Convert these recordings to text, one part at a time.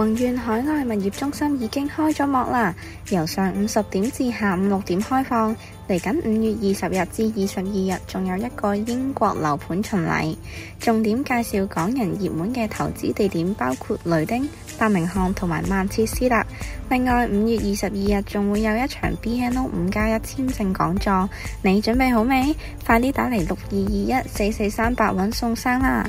宏苑海外物業中心已經開咗幕啦，由上午十點至下午六點開放。嚟緊五月二十日至二十二日，仲有一個英國樓盤巡禮，重點介紹港人熱門嘅投資地點，包括雷丁、伯明翰同埋曼徹斯特。另外5，五月二十二日仲會有一場 BNO 五加一簽證講座，你準備好未？快啲打嚟六二二一四四三八揾宋生啦！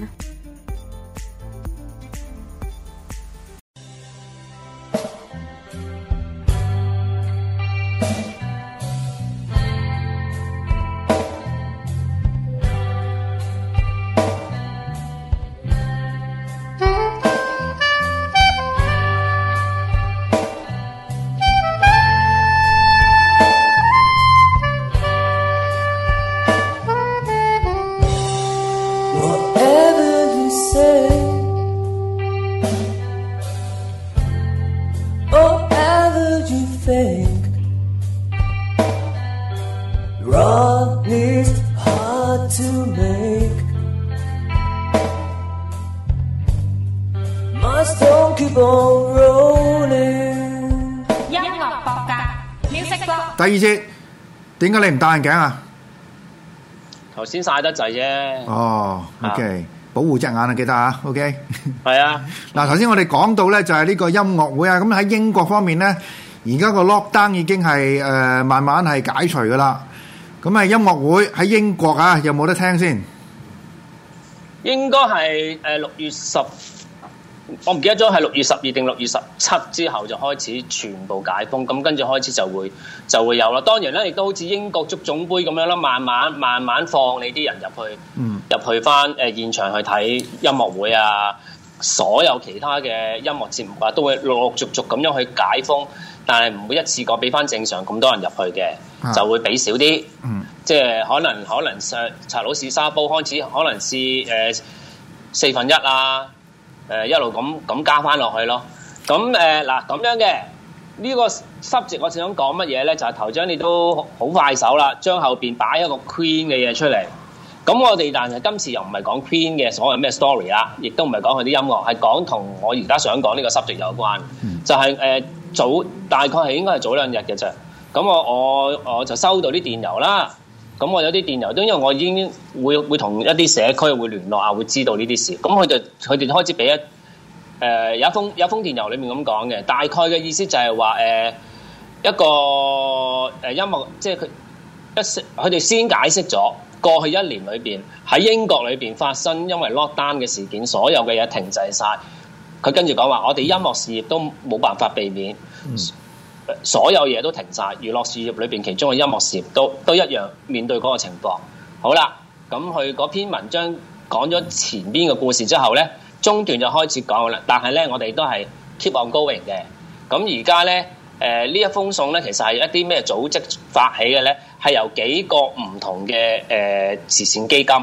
第二次，點解你唔戴眼鏡啊？頭先晒得滯啫。哦，OK，保護隻眼啊，記得啊，OK。係啊，嗱，頭先我哋講到咧，就係呢個音樂會啊。咁喺英國方面咧，而家個 lockdown 已經係誒慢慢係解除噶啦。咁啊，音樂會喺英國啊，有冇得聽先？應該係誒六月十。我唔記得咗係六月十二定六月十七之後就開始全部解封，咁跟住開始就會就會有啦。當然啦，亦都好似英國足總杯咁樣啦，慢慢慢慢放你啲人入去，入、嗯、去翻誒、呃、現場去睇音樂會啊，所有其他嘅音樂節目啊，都會陸陸續續咁樣去解封，但係唔會一次過俾翻正常咁多人入去嘅，啊、就會俾少啲，嗯、即係可能可能上查，查老士沙煲開始可能係誒、呃、四分一啦、啊。誒，一路咁咁加翻落去咯，咁誒，嗱咁樣嘅呢個濕席，我想講乜嘢咧？就係頭張你都好快手啦，將後邊擺一個 Queen 嘅嘢出嚟。咁我哋但係今次又唔係講 Queen 嘅所謂咩 story 啦，亦都唔係講佢啲音樂，係講同我而家想講呢個濕席有關嘅，就係誒，早大概係應該係早兩日嘅啫。咁我我我就收到啲電郵啦。咁我有啲電郵都，因為我已經會會同一啲社區會聯絡啊，會知道呢啲事。咁佢就佢哋開始俾一誒、呃、有一封有一封電郵裏面咁講嘅，大概嘅意思就係話誒一個誒、呃、音樂，即係佢一佢哋先解釋咗過去一年裏邊喺英國裏邊發生因為 lockdown 嘅事件，所有嘅嘢停滯晒。佢跟住講話，我哋音樂事業都冇辦法避免。嗯。所有嘢都停晒，娛樂事業裏邊其中嘅音樂事業都都一樣面對嗰個情況。好啦，咁佢嗰篇文章講咗前邊嘅故事之後呢，中段就開始講啦。但係呢，我哋都係 keep on going 嘅。咁而家呢，誒、呃、呢一封信呢，其實係一啲咩組織發起嘅呢？係由幾個唔同嘅誒、呃、慈善基金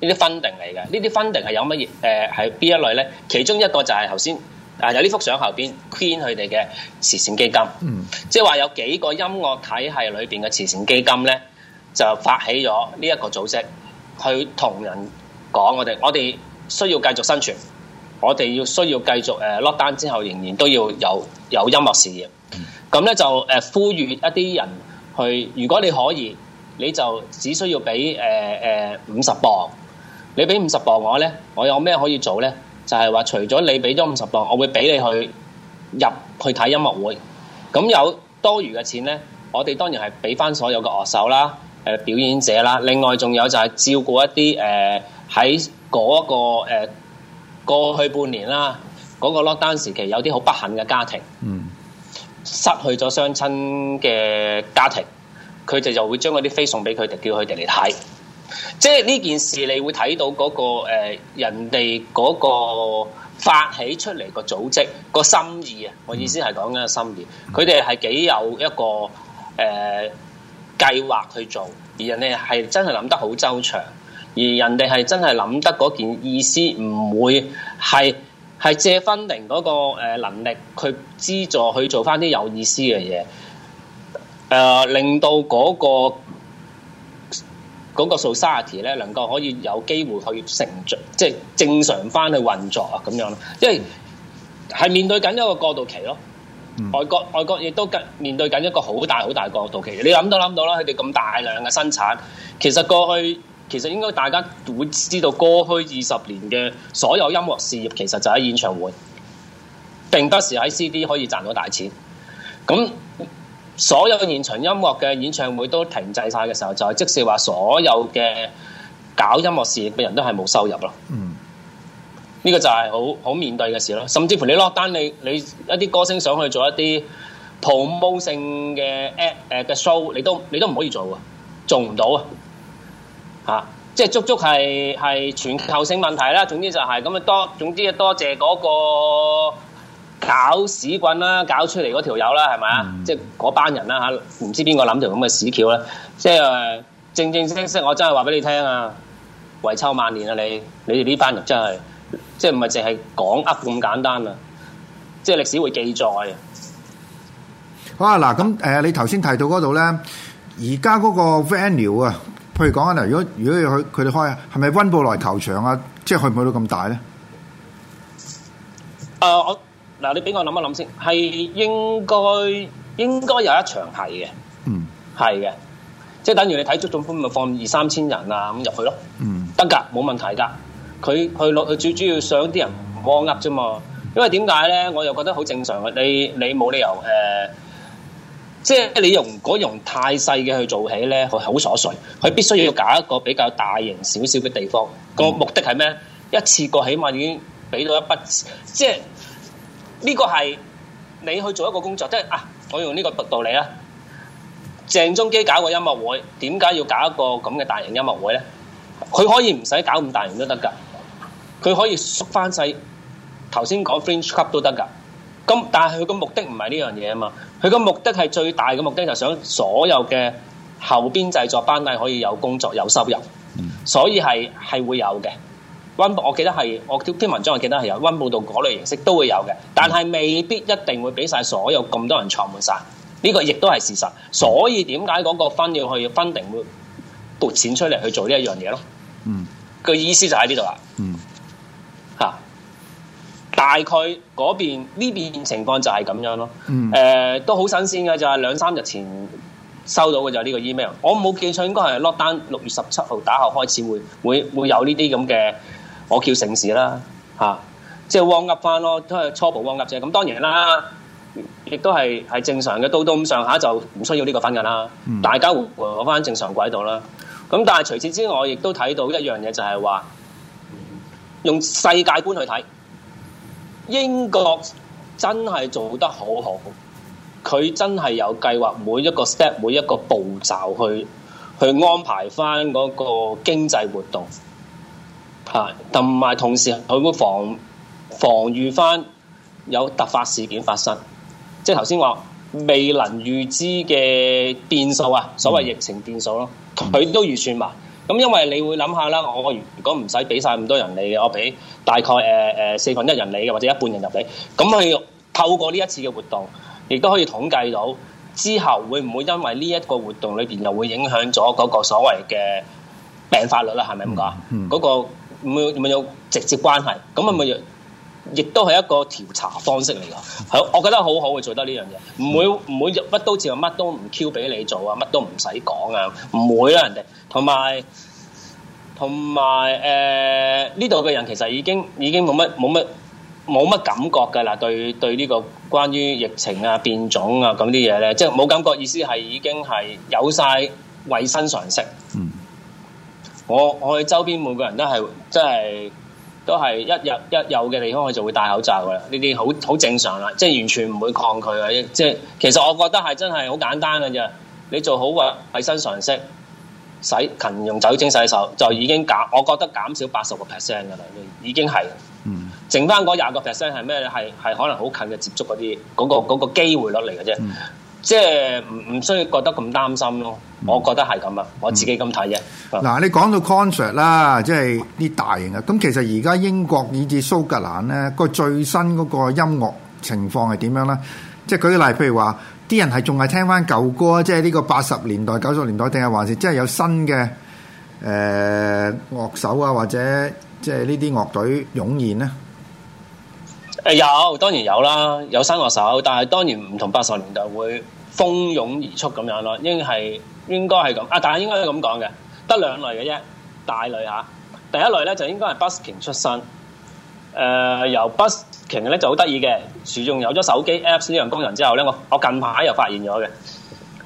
呢啲分定嚟嘅。呢啲分定係有乜嘢？誒係邊一類呢？其中一個就係頭先。啊！有呢幅相後邊，Queen 佢哋嘅慈善基金，即係話有幾個音樂體系裏邊嘅慈善基金咧，就發起咗呢一個組織，去同人講我哋，我哋需要繼續生存，我哋要需要繼續誒 lock down 之後，仍然都要有有音樂事業。咁咧就誒呼籲一啲人去，如果你可以，你就只需要俾誒誒五十磅，你俾五十磅我咧，我有咩可以做咧？就係話，除咗你俾咗五十磅，我會俾你去入去睇音樂會。咁有多餘嘅錢呢？我哋當然係俾翻所有嘅樂手啦、誒、呃、表演者啦。另外仲有就係照顧一啲誒喺嗰個誒、呃、過去半年啦，嗰、嗰個 lockdown 時期有啲好不幸嘅家庭，嗯，失去咗雙親嘅家庭，佢哋就會將嗰啲飛送俾佢哋，叫佢哋嚟睇。即係呢件事，你會睇到嗰、那個誒、呃，人哋嗰個發起出嚟個組織、那個心意啊！我意思係講緊個心意，佢哋係幾有一個誒計劃去做，而人哋係真係諗得好周詳，而人哋係真係諗得嗰件意思唔會係係借 Fringe 嗰個誒能力去資助去做翻啲有意思嘅嘢，誒、呃、令到嗰、那個。嗰、那個數三十啲咧，能夠可以有機會去成長，即係正常翻去運作啊，咁樣咯，因為係面對緊一個過渡期咯。嗯、外國外國亦都面對緊一個好大好大過渡期，你諗都諗到啦，佢哋咁大量嘅生產，其實過去其實應該大家會知道過去二十年嘅所有音樂事業，其實就喺演唱會，並不是喺 CD 可以賺到大錢咁。所有現場音樂嘅演唱會都停滯晒嘅時候，就係即使話所有嘅搞音樂事業嘅人都係冇收入咯。嗯，呢個就係好好面對嘅事咯。甚至乎你 lockdown 你你一啲歌星想去做一啲 promotion 嘅 at 誒嘅 show，你都你都唔可以做，做啊，做唔到啊。嚇，即係足足係係全球性問題啦。總之就係咁啊，多總之啊多謝嗰個。搞屎棍啦，搞出嚟嗰條友啦，係咪啊？即係嗰班人啦嚇，唔知邊個諗條咁嘅屎橋啦。即係正正式式，我真係話俾你聽啊！遺臭萬年啊！你你哋呢班人真係，即係唔係淨係講噏咁簡單啊？即係歷史會記載啊！好啊，嗱咁誒，你頭先提到嗰度咧，而家嗰個 venue 啊，譬如講啊，嗱，如果如果要佢佢哋開啊，係咪溫布萊球場啊？即係去唔去到咁大咧？誒、呃、我。嗱，你俾我諗一諗先，係應該應該有一場係嘅，嗯，係嘅，即係等於你睇足總杯咪放二三千人啊咁入去咯，嗯，得噶，冇問題噶，佢去落去最主要想啲人唔慌厄啫嘛，因為點解咧？我又覺得好正常嘅，你你冇理由誒、呃，即係你用果用太細嘅去做起咧，佢好瑣碎，佢必須要搞一個比較大型少少嘅地方，個目的係咩？嗯？一次過起碼已經俾到一筆，即係。呢個係你去做一個工作，即係啊！我用呢個道理啊。鄭中基搞一個音樂會，點解要搞一個咁嘅大型音樂會呢？佢可以唔使搞咁大型都得㗎，佢可以縮翻細。頭先講 French Club 都得㗎。咁但係佢個目的唔係呢樣嘢啊嘛。佢個目的係最大嘅目的，就係想所有嘅後邊製作班底可以有工作、有收入，所以係係會有嘅。溫，我記得係我篇文章，我記得係有溫報、mm. 道嗰類形式都會有嘅，但係未必一定會俾晒所有咁多人坐滿晒。呢、這個亦都係事實。所以點解嗰個分要去分定會撥錢出嚟去做呢一樣嘢咯？嗯，個意思就喺呢度啦。嗯、嚇，大概嗰邊呢邊情況就係咁樣咯。嗯、mm. 呃，誒都好新鮮嘅，就係、是、兩三日前收到嘅就係呢個 email。我冇記錯，應該係落單六月十七號打後開始會會會有呢啲咁嘅。我叫城市啦，吓，即係彎鴨翻咯，都係初步彎鴨啫。咁當然啦，亦都係係正常嘅，到到咁上下就唔需要呢個分㗎啦。大家回翻正常軌道啦。咁、啊、但係除此之外，我亦都睇到一樣嘢就係話，用世界觀去睇，英國真係做得好好，佢真係有計劃每一個 step 每一個步驟去去安排翻嗰個經濟活動。啊！同埋同時，佢會防防禦翻有突發事件發生，即係頭先話未能預知嘅變數啊，所謂疫情變數咯，佢、嗯、都預算埋。咁因為你會諗下啦，我如果唔使俾晒咁多人理嘅，我俾大概誒誒、呃、四分一人理，或者一半人入嚟。咁佢透過呢一次嘅活動，亦都可以統計到之後會唔會因為呢一個活動裏邊又會影響咗嗰個所謂嘅病發率啦？係咪咁講？嗰、嗯嗯那個唔會唔會有直接關係，咁啊咪亦都係一個調查方式嚟㗎。係，我覺得好好嘅做得呢樣嘢，唔會唔會入乜都似話乜都唔 Q 俾你做啊，乜都唔使講啊，唔會啦人哋。同埋同埋誒呢度嘅人其實已經已經冇乜冇乜冇乜感覺㗎啦，對對呢個關於疫情啊變種啊咁啲嘢咧，即係冇感覺，意思係已經係有晒衞生常識。我我哋周邊每個人都係，即係都係一日一有嘅地方，我就會戴口罩㗎啦。呢啲好好正常啦，即係完全唔會抗拒嘅。即係其實我覺得係真係好簡單嘅啫。你做好個衞生常識，洗勤用酒精洗手，就已經減，我覺得減少八十個 percent 㗎啦。已經係，嗯剩下，剩翻嗰廿個 percent 係咩？係係可能好近嘅接觸嗰啲，嗰個嗰個機會率嚟嘅啫。嗯嗯即係唔唔需要覺得咁擔心咯，我覺得係咁啊，我自己咁睇啫。嗱、嗯，你講到 concert 啦，即係啲大型啊。咁其實而家英國以至蘇格蘭咧，個最新嗰個音樂情況係點樣咧？即係舉個例，譬如話啲人係仲係聽翻舊歌，即係呢個八十年代、九十年代，定係還是即係有新嘅誒、呃、樂手啊，或者即係呢啲樂隊湧現咧？嗯、有，當然有啦，有新樂手，但係當然唔同八十年代會蜂擁而出咁樣咯，應係應該係咁啊，但係應該係咁講嘅，得兩類嘅啫，大類吓、啊，第一類咧就應該係 busking 出身，誒、呃，由 busking 咧就好得意嘅，自從有咗手機 apps 呢樣功能之後咧，我我近排又發現咗嘅。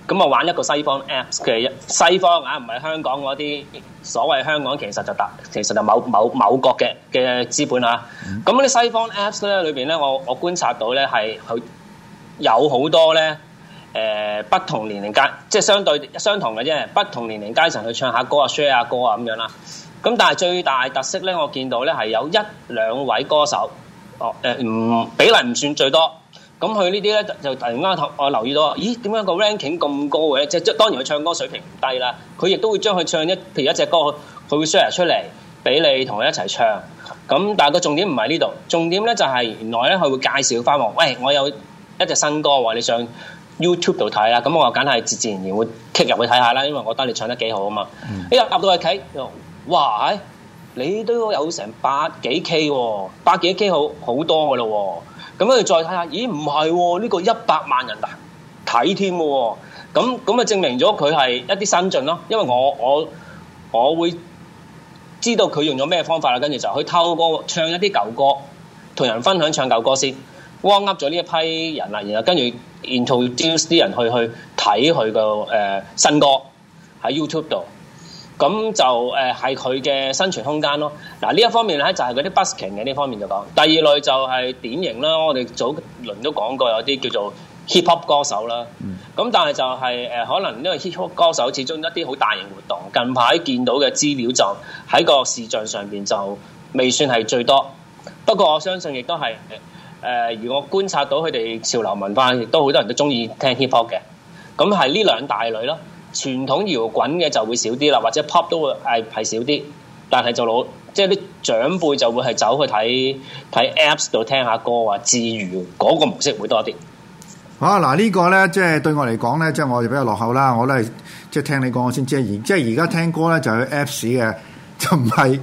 咁啊，玩一個西方 apps 嘅西方啊，唔係香港嗰啲所謂香港，其實就特，其實就某某某國嘅嘅資本啊。咁嗰啲西方 apps 咧裏面咧，我我觀察到咧係有好多咧、呃，不同年齡階，即係相對相同嘅啫。不同年齡階層去唱下歌啊，share 下歌啊咁樣啦。咁但係最大特色咧，我見到咧係有一兩位歌手，哦唔、呃、比例唔算最多。咁佢呢啲咧就突然間頭我留意到，咦？點解個 ranking 咁高嘅？即係當然佢唱歌水平唔低啦，佢亦都會將佢唱一譬如一隻歌，佢會 share 出嚟俾你同佢一齊唱。咁但係個重點唔係呢度，重點咧就係原來咧佢會介紹返我：「喂，我有一隻新歌，話你上 YouTube 度睇啦。咁我梗係自自然然會 kick 入去睇下啦，因為我覺得你唱得幾好啊嘛。一、mm、呀 -hmm. 哎，入到去睇，哇！你都有成百幾 K 喎，哦，百幾 K 好好多嘅咯喎。咁佢再睇下，咦，唔係喎？呢個一百萬人睇添喎，咁咁咪證明咗佢係一啲新進咯。因為我我我會知道佢用咗咩方法啦。跟住就去透過唱一啲舊歌，同人分享唱舊歌先，彎噏咗呢一批人啦。然後跟住 introduce 啲人去去睇佢個新歌喺 YouTube 度。咁就誒係佢嘅生存空間咯。嗱呢一方面咧就係嗰啲 busking 嘅呢方面就講。第二類就係典型啦，我哋早輪都講過有啲叫做 hip hop 歌手啦。咁但係就係誒可能因為 hip hop 歌手始終一啲好大型活動，近排見到嘅資料就喺個視像上面就未算係最多。不過我相信亦都係誒，如果觀察到佢哋潮流文化，亦都好多人都中意聽 hip hop 嘅。咁係呢兩大類咯。傳統搖滾嘅就會少啲啦，或者 pop 都會係係少啲，但係就老即係啲長輩就會係走去睇睇 apps 度聽下歌啊，治癒嗰個模式會多啲。好嗱、這個、呢個咧即係對我嚟講咧，即、就、係、是、我哋比較落後啦。我都係即係聽你講，我先知。而即係而家聽歌咧，就是、去 apps 嘅，就唔係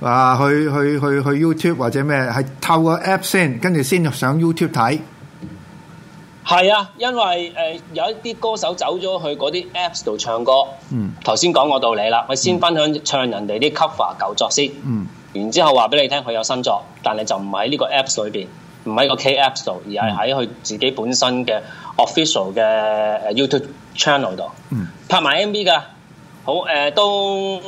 啊去去去去 YouTube 或者咩，係透過 apps 先，跟住先入上 YouTube 睇。係啊，因為誒、呃、有一啲歌手走咗去嗰啲 apps 度唱歌，嗯，頭先講過道理啦，我先分享唱人哋啲 cover 舊作先，嗯，然之後話俾你聽佢有新作，但係就唔喺呢個 apps 裏邊，唔喺個 K apps 度，而係喺佢自己本身嘅 official 嘅 YouTube channel 度，嗯，拍埋 MV 噶，好誒、呃、都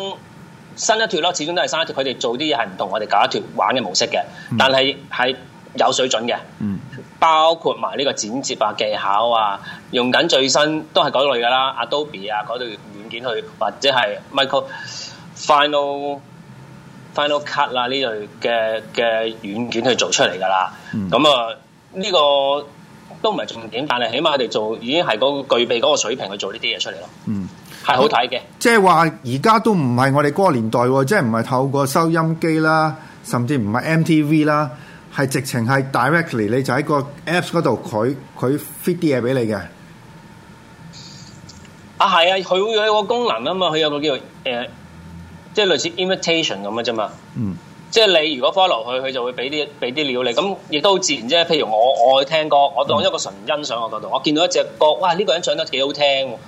新一條咯，始終都係新一條，佢哋做啲嘢係唔同我哋搞一條玩嘅模式嘅、嗯，但係係有水準嘅，嗯。包括埋呢個剪接啊技巧啊，用緊最新的都係嗰類㗎啦，Adobe 啊嗰類軟件去，或者係 Michael Final Final Cut 啊呢類嘅嘅軟件去做出嚟㗎啦。咁、嗯、啊，呢、呢個都唔係重點，但係起碼我哋做已經係嗰具備嗰個水平去做呢啲嘢出嚟咯。嗯，係好睇嘅。即係話而家都唔係我哋嗰個年代，即係唔係透過收音機啦，甚至唔係 MTV 啦。係直情係 directly，你就喺個 apps 嗰度，佢佢 feed 啲嘢俾你嘅。啊，係啊，佢會有一個功能啊嘛，佢有一個叫做誒、呃，即係類似 invitation 咁嘅啫嘛。嗯。即係你如果 follow 佢，佢就會俾啲俾啲料你。咁亦都好自然啫。譬如我我聽歌，我當一個純欣賞嘅角度，我見到一隻歌，哇！呢、呢個人唱得幾好聽，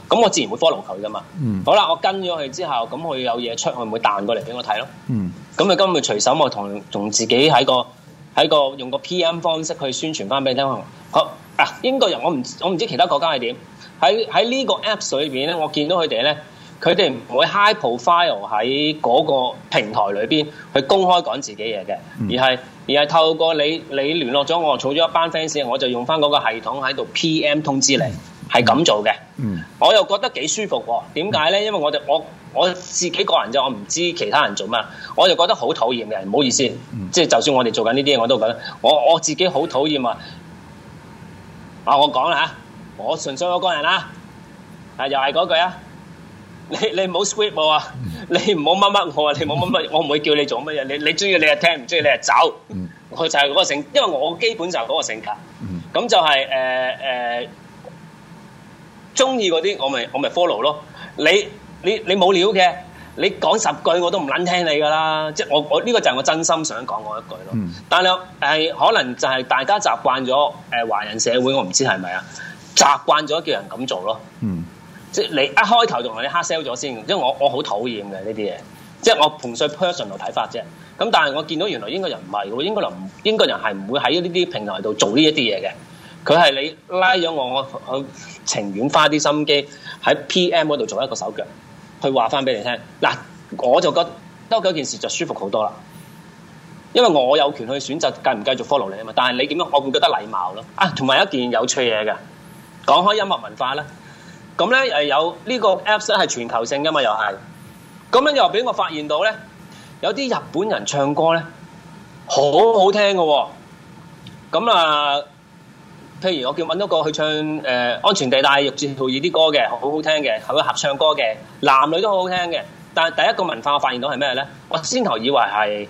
咁我自然會 follow 佢噶嘛。嗯、好啦，我跟咗佢之後，咁佢有嘢出去，佢會彈過嚟俾我睇咯。嗯。咁啊，今日隨手我同同自己喺個。喺個用個 P.M 方式去宣傳翻俾你聽，好啊！英國人我唔我唔知其他國家係點，喺喺呢個 Apps 裏邊咧，我見到佢哋咧，佢哋唔會 high profile 喺嗰個平台裏邊去公開講自己嘢嘅，而係而係透過你你聯絡咗我，儲咗一班 fans，我就用翻嗰個系統喺度 P.M 通知你。係咁做嘅，我又覺得幾舒服喎。點解咧？因為我哋我我自己個人就我唔知其他人做咩，我就覺得好討厭嘅。唔好意思，即係就算我哋做緊呢啲嘢，我都覺得我我自己好討厭啊！啊，我講啦嚇，我純粹我個人啦，啊又係嗰句啊，你你唔好 sweep 我啊，你唔好乜乜我啊，你唔好乜乜，不我唔 會叫你做乜嘢。你你中意你啊聽，唔中意你啊走。佢 就係嗰個性，因為我基本就係嗰個性格，咁 就係誒誒。呃呃中意嗰啲我咪我咪 follow 咯，你你你冇料嘅，你講十句我都唔撚聽你㗎啦，即係我我呢個就係我真心想講我一句咯。但係係、呃、可能就係大家習慣咗誒、呃、華人社會，我唔知係咪啊？習慣咗叫人咁做咯，嗯、即係你一開頭同人哋 hard sell 咗先，因為我我好討厭嘅呢啲嘢，即係我純粹 personal 度睇法啫。咁但係我見到原來英國人唔係，英國人英國人係唔會喺呢啲平台度做呢一啲嘢嘅。佢係你拉咗我，我情願花啲心機喺 PM 嗰度做一個手腳，去話翻俾你聽。嗱，我就覺得多件事就舒服好多啦，因為我有權去選擇繼唔繼續 follow 你啊嘛。但係你點樣，我唔覺得禮貌咯。啊，同埋有一件有趣嘢嘅，講開音樂文化呢，咁咧誒有呢個 Apps 咧係全球性嘅嘛，又係。咁樣又俾我發現到咧，有啲日本人唱歌咧好好聽嘅喎。咁啊～譬如我叫揾到個去唱誒、呃《安全地帶》玉《玉置浩二》啲歌嘅，好好聽嘅，係會合唱歌嘅，男女都好好聽嘅。但係第一個文化我發現到係咩咧？我先頭以為係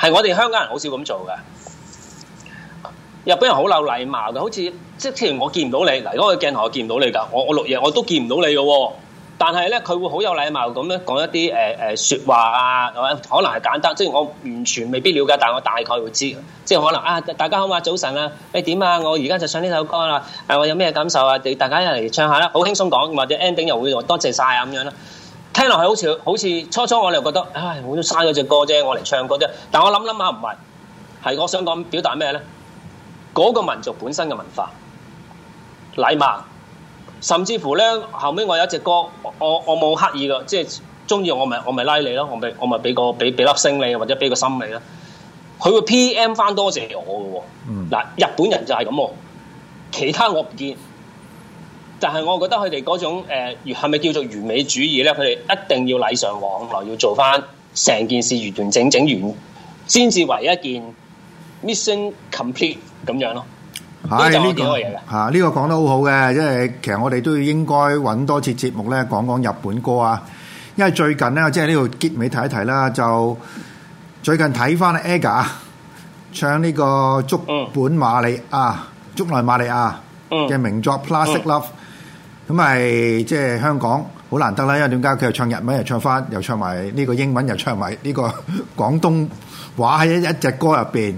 係我哋香港人好少咁做嘅，日本人好有禮貌嘅，好似即係譬如我見唔到你，嗱嗰個鏡頭我見唔到你㗎，我我錄嘢我都見唔到你嘅喎、哦。但係咧，佢會好有禮貌咁樣講一啲誒誒説話啊，可能係簡單，即係我完全未必了解，但係我大概會知，即係可能啊，大家好啊，早晨啊，你點啊？我而家就唱呢首歌啦，誒，我有咩感受啊？你大家一嚟唱下啦，好輕鬆講，或者 ending 又會多謝晒啊咁樣啦。聽落去好似好似初初我哋覺得，唉，好嘥嗰隻歌啫，我嚟唱歌啫。但我諗諗下唔係，係我想講表達咩咧？嗰個民族本身嘅文化，禮貌。甚至乎咧，後尾我有一隻歌，我我冇刻意嘅，即係中意我咪我咪拉你咯，我咪我咪俾個俾俾粒星你，或者俾個心你咯。佢會 PM 翻多謝我嘅喎。嗱、嗯，日本人就係咁，其他我唔見。但係我覺得佢哋嗰種誒，係、呃、咪叫做完美主義咧？佢哋一定要禮尚往來，要做翻成件事完完整整完，先至為一件 mission complete 咁樣咯。係、哎、呢、呢個嚇呢、呢個講得好好嘅，因為其實我哋都要應該揾多次節目咧講講日本歌啊，因為最近咧即係呢度結尾提一提啦，就最近睇翻 AGA 啊唱呢個竹本瑪莉啊、嗯、竹內瑪莉亞嘅名作 Plastic Love，咁係即係香港好難得啦，因為點解佢又唱日文又唱翻又唱埋呢個英文又唱埋呢個廣東話喺一隻歌入邊，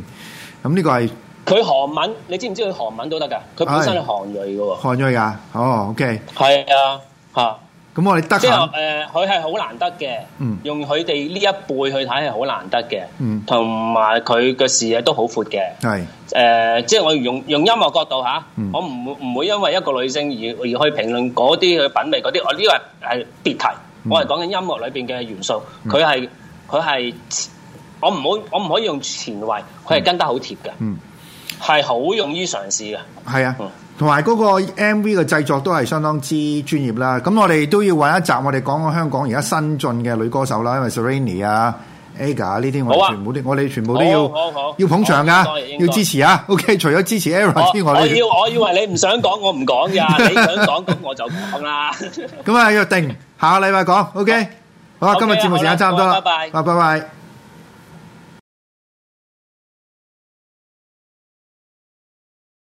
咁呢個係。佢韓文，你知唔知佢韓文都得噶？佢本身係韓裔嘅喎。韓裔啊、oh, okay. 係啊，哦，OK，係啊，嚇，咁我哋得啊。誒，佢係好難得嘅，嗯，用佢哋呢一輩去睇係好難得嘅，嗯，同埋佢嘅視野都好闊嘅，係、嗯、誒、呃，即係我用用音樂角度吓，啊嗯、我唔唔會因為一個女性而而去評論嗰啲嘅品味嗰啲，我呢個係別題，嗯、我係講緊音樂裏邊嘅元素，佢係佢係，我唔好我唔可以用前衛，佢係跟得好貼嘅，嗯。係好勇於嘗試嘅，係啊，同埋嗰個 MV 嘅製作都係相當之專業啦。咁我哋都要揾一集，我哋講下香港而家新進嘅女歌手啦，因為 Serrini 啊、Aga 呢啲、啊，我哋全部啲，我哋全部都要好、啊好啊、要捧場噶、啊，要支持啊。OK，除咗支持 Aga 之外我，我要，我以為你唔想講，我唔講㗎。 你想講，咁我就唔講啦。咁啊，約定下個禮拜講。OK，好，好，啊好啊，今日節目時間差唔多啦，拜拜、啊，拜拜。Bye bye